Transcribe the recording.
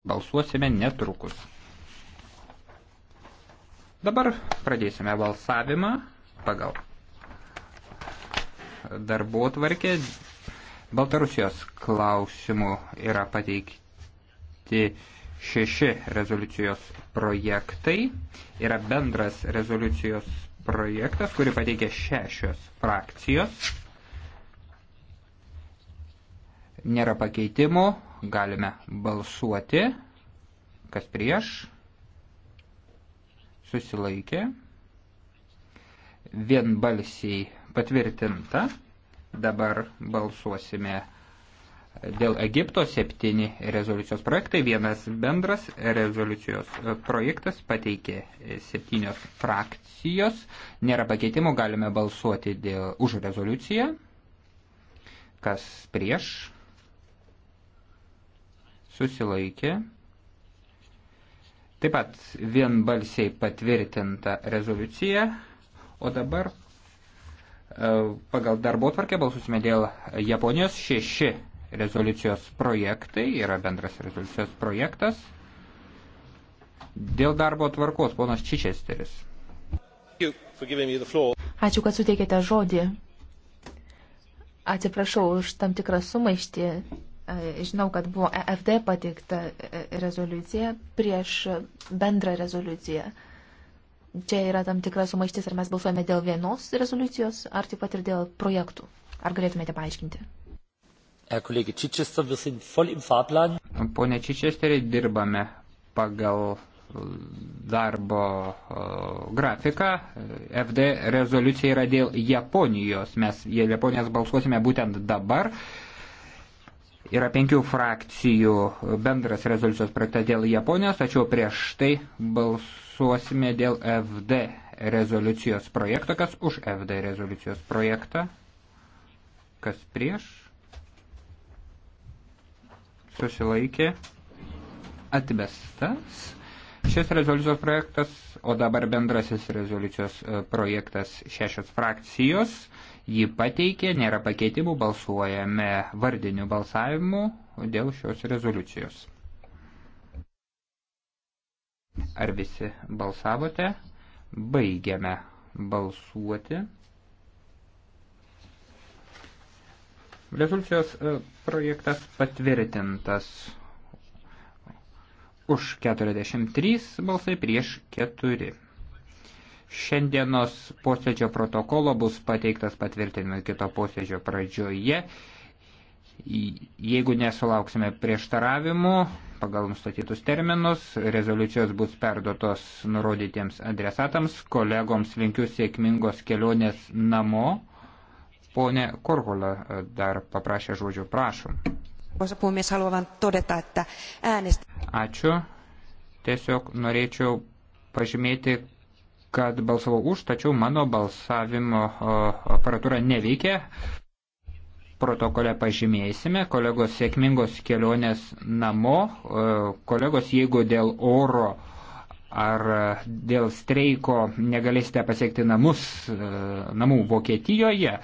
Balsuosime netrukus. Dabar pradėsime balsavimą pagal darbo tvarkę. Baltarusijos klausimų yra pateikti šeši rezoliucijos projektai. Yra bendras rezoliucijos projektas, kurį pateikė šešios frakcijos. Nėra pakeitimo, galime balsuoti, kas prieš, susilaikė, vienbalsiai patvirtinta, dabar balsuosime dėl Egipto septyni rezoliucijos projektai, vienas bendras rezoliucijos projektas pateikė septynios frakcijos, nėra pakeitimų, galime balsuoti dėl, už rezoliuciją, kas prieš, susilaikė. Taip pat vienbalsiai patvirtinta rezoliucija, o dabar e, pagal darbo tvarkę balsusime dėl Japonijos šeši rezoliucijos projektai, yra bendras rezoliucijos projektas. Dėl darbo tvarkos, ponas Čičesteris. Ačiū, kad suteikėte žodį. Atsiprašau už tam tikrą sumaištį E, žinau, kad buvo EFD pateikta e, rezoliucija prieš bendrą rezoliuciją. Čia yra tam tikra sumaištis, ar mes balsuojame dėl vienos rezoliucijos, ar taip pat ir dėl projektų. Ar galėtumėte paaiškinti? E, Pone Čičesterį, dirbame pagal darbo grafiką. FD rezoliucija yra dėl Japonijos. Mes Japonijos balsuosime būtent dabar yra penkių frakcijų bendras rezoliucijos projektas dėl Japonijos, tačiau prieš tai balsuosime dėl FD rezoliucijos projekto. Kas už FD rezoliucijos projektą? Kas prieš? Susilaikė. Atmestas. Šis rezoliucijos projektas, o dabar bendrasis rezoliucijos e, projektas šešios frakcijos, jį pateikė, nėra pakeitimų, balsuojame vardiniu balsavimu dėl šios rezoliucijos. Ar visi balsavote? Baigiame balsuoti. Rezoliucijos e, projektas patvirtintas už 43 balsai prieš 4. Šiandienos posėdžio protokolo bus pateiktas patvirtinimas kito posėdžio pradžioje. Jeigu nesulauksime prieštaravimų pagal nustatytus terminus, rezoliucijos bus perduotos nurodytiems adresatams, kolegoms linkiu sėkmingos kelionės namo. Pone Korhola dar paprašė žodžio, prašom. Arvoisa puhemies, haluan vain todeta, että äänest... Ačiū. Tiesiog norėčiau pažymėti, kad balsavau už, tačiau mano balsavimo aparatūra neveikia. Protokole pažymėsime kolegos sėkmingos kelionės namo. Kolegos, jeigu dėl oro ar dėl streiko negalėsite pasiekti namus, e, namų Vokietijoje,